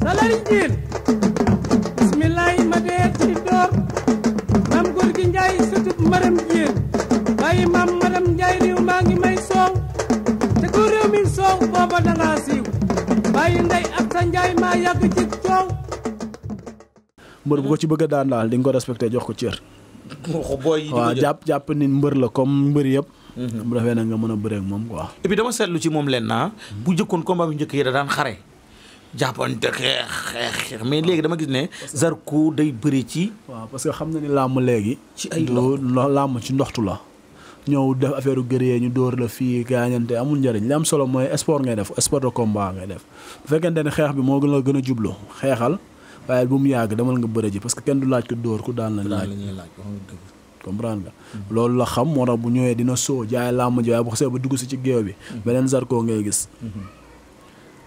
salari jiin bismillahi ma dee ci door mam góor gi njaay sutub maram jiin bàyyi mam maram njaay riw maa ngi may soow te ku réew mi soow booba danga siiw bàyyi ndey ak sa njaay maa yàgg ci coow mbër bu ko ci bëgg daan daal di nga ko respecté jox ko cër waaw jàpp jàpp ni mbër la comme mbër yëpp mhm. bu defee nga mën a bëreek moom quoi et puis dama seetlu ci moom leen naa ah. mhm. bu jëkkoon combat bi njëkk yi da daan xare jàppante xeex xeex xeex mais léegi dama gis ne Zarko day bëri ci. waaw parce que xam na ni làmb léegi. ci ay làmb ci ndoxtu la. ñëw def affaire guerrier ñu dóor la fii gaañante amul njëriñ li am solo mooy sport ngay def sport de combat ngay def bu fekkente ne xeex bi moo gën a gën a jublu xeexal waaye bu mu yàgg demal nga bëre ji parce que kenn du laaj ko dóor ku daan la laaj comprendre nga hmm. loolu la xam moo bu ñëwee dina soo jaay làmb ji bu xasee ba dugg si ci géew bi hmm. beneen Zarko ngay gis hmm.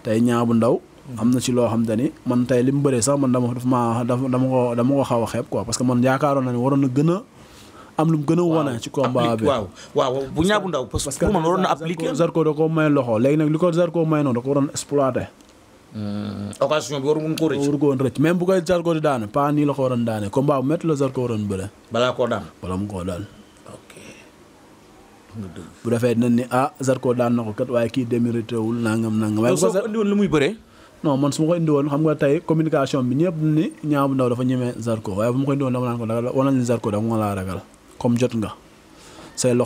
tey ñaabu ndaw amna ci lo xam dañi man tay lim beure sax man dama daf ma dama ko dama ko xawa xeb quoi parce que man yaakaaroon na ni waroon na gën am lu gëna wona ci combat bi waaw waaw bu ñaabu ndaw parce que man waroon na appliquer Zarko da ko may loxo léegi nak liko Zarko may non da ko waroon exploiter hmm occasion bi waru mu ko rëcc waru ko même bu koy Zarko di daane pa ni la ko waroon daane combat bu métti la Zarko waroon beure bala ko daan bala mu ko daan bu defee dinañ ni ah Zarko daan nako kat waaye ki demiriteul nangam nangam waaye soo ko andi won lu muy beure non man su ma ko indi woon xam nga tey communication bi ñëpp ni Niang bu ndaw dafa ñemee Zarko waaye bu ma ko indi woon dama naan ko da wala Zarko da nga laa ragal comme jot nga say mhm.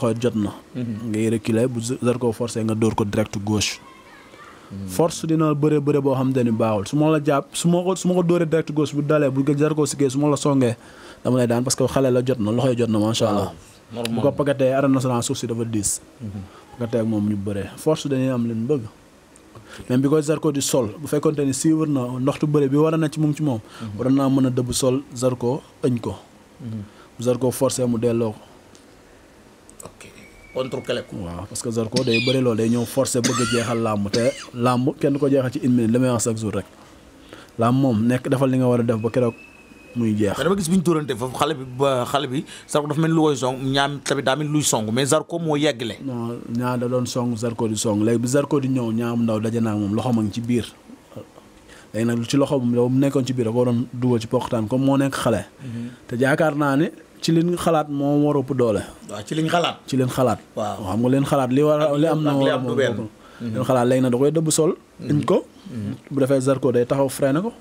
nga dóor ko direct gauche mhm. force dina bëre bëre boo xam te ni baaxul su ma la jàpp su ma ko su ma ko dóoree direct gauche bu dalee bu Zarko siggee su ma la songee dama lay daan parce que xale la jot na loxo jot na macha allah bu ko pakatee arène nationale suuf si dafa diis mhm. pakatee ak moom ñu bëree force dañuy am leen bëgg même bi koy Zarko di sol bu fekkonte ni suivre na ndoxtu bëre bi wara na ci moom ci moom. Mhm. war naa mën a dëbb sol Zarko ëñ ko. Mhm. Zarko forcé mu delloo ko. ok contre Keleku. waaw parce que Zarko day bëri lool day ñëw forcé bëgg a jeexal làmb te làmb kenn ko jeexal ci une minute li may wax rek làmb moom nekk defal li nga war a def ba keroog. muy jeex mais gis bi ñu tóorante foofu xale bi ba xale bi Zarko dafa mel lu koy song ñaam tamit daa mel luy song mais Zarko moo yeggale. non ñaa da doon song Zarko di song léegi bi Zarko di ñëw ñaam ndaw daje naa moom loxo ma ngi ci biir léegi nag ci loxo moom nekkoon ci biir da koo doon dugal ci poxtaan comme moo nekk xale. jaakaar mhm. naa ne ci liñ xalaat moo war ëpp doole. waaw ci liñ xalaat. ci liñ xalaat. waaw xam nga leen xalaat li war am na. li am du benn mhm. leen xalaat léegi da koy dëbb sol. Mhm. iñ ko. bu defee Zarko day taxaw na ko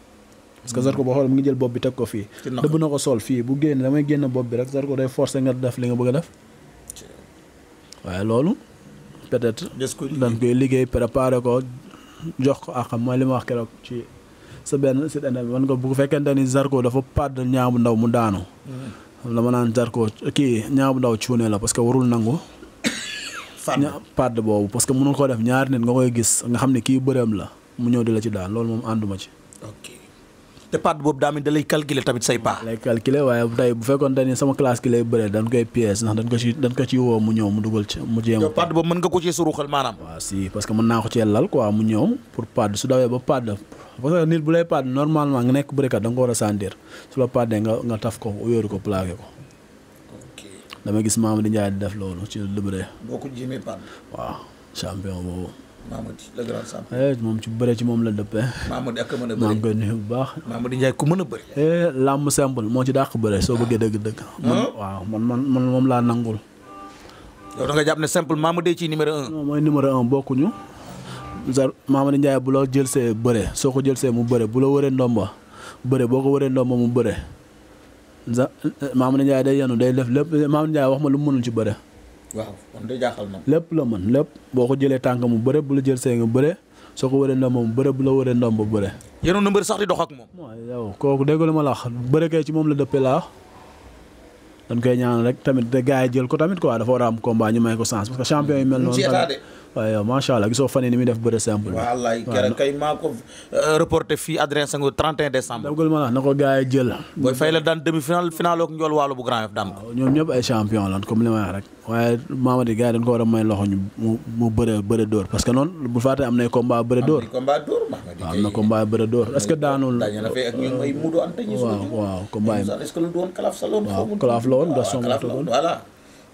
parce que Zarko boo xoolee mu ngi jël bopp bi teg ko fii. dëbb na ko sol fii bu génn damay génn bopp bi rek Zarko day forcer nga def li nga bëgg def. waaye loolu peut-être. dañ koy liggéey préparer ko jox ko ak mooy li ma wax keroog ci sa benn site internet man ko bu fekkente ni Zarko dafa pàdd Niang bu ndaw mu daanu. Mm-hmm. dama naan Zarko kii Niang bu ndaw cuune la parce que warul nangu. pàdd boobu parce que mënu ko def ñaari nit nga koy gis nga xam ne kii bërëm la mu ñëw di la ci loolu moom ànduma ci. ok te part boobu dami dalay calculer tamit say pa lay calculer waaye tey bu fekkon dañ sama classe ki lay beure dañ koy pièce ndax dañ ko ci dañ ko ci wo mu ñew mu duggal ci mu jëm yow part boobu mën nga ko ci suru xal manam wa si parce que mën na ko ci lal quoi mu ñew pour part su dawe ba part parce que nit bu lay part normalement nga nek bërekat da nga ko wara sandir su la part nga nga taf ko yoru ko plaqué ko. dama gis Mamadou Ndiaye def lolu ci lu bëree. boo ko jéemee part. champion bobu Mamadi le grand eh, moom ci bëre ci moom la dëppee. Mamadi ak mën a bëri maa ngi bu baax. Mamadi Ndiaye ku mën a bëri. Eh, làmb simple moo ci dàq bëre soo bëggee dëgg-dëgg. Ah? waaw man man man moom laa nangul. yow da nga jàpp ne ci numéro un. mooy numéro un bokkuñu. zar Mamadi njaay bu la jël see bëre soo ko jëlsee mu bëre bu la wëree ndomba bëre boo ko wëree ndomba mu bëre. za Mamadi Ndiaye day yenu day def lépp Mamadi Ndiaye wax ma lu mu mënul ci bëre waaw kon de na. lépp la mën lépp boo ko jëlee tànk mu bëre bu la jël see nga bëre soo ko waree ndomb mu bëre bu la waree ndomb bëre. yéen na mbër sax di dox ak moom. waaw yow kooku dégg la ma la wax bëre kay ci moom la dëppee laa wax dañ koy ñaan rek tamit te gars yi jël ko tamit quoi dafa war a am combat may ko sens parce que champion yi mel noonu. waaye macha allah gisoo fan yi ni muy def bëre simple. wallaay keroog kay maa ko euh, la na ko gars yi jël. bu Grand Yoff ñëpp ay champion lan comme li ma wax rek waaye Mamady gars yi dañ ko war may loxo ñu mu mu dóor parce que noonu bu faatee am na ko dóor waaw am na combat dóor est-ce que daanul. daañu la fay ak waaw waaw combat yi est-ce que lu doon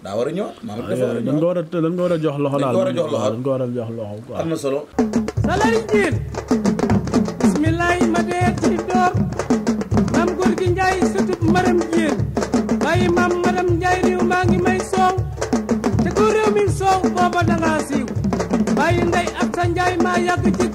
daa war a ñëwaat Mamadou dafa ma dee ci door maam góor gi njaay sutub maram jiin bàyyi maam maram njaay réew maa ngi may soow te ko réew mi soow booba dangaa siiw bàyyi ndey ak sa njaay maa yàgg ci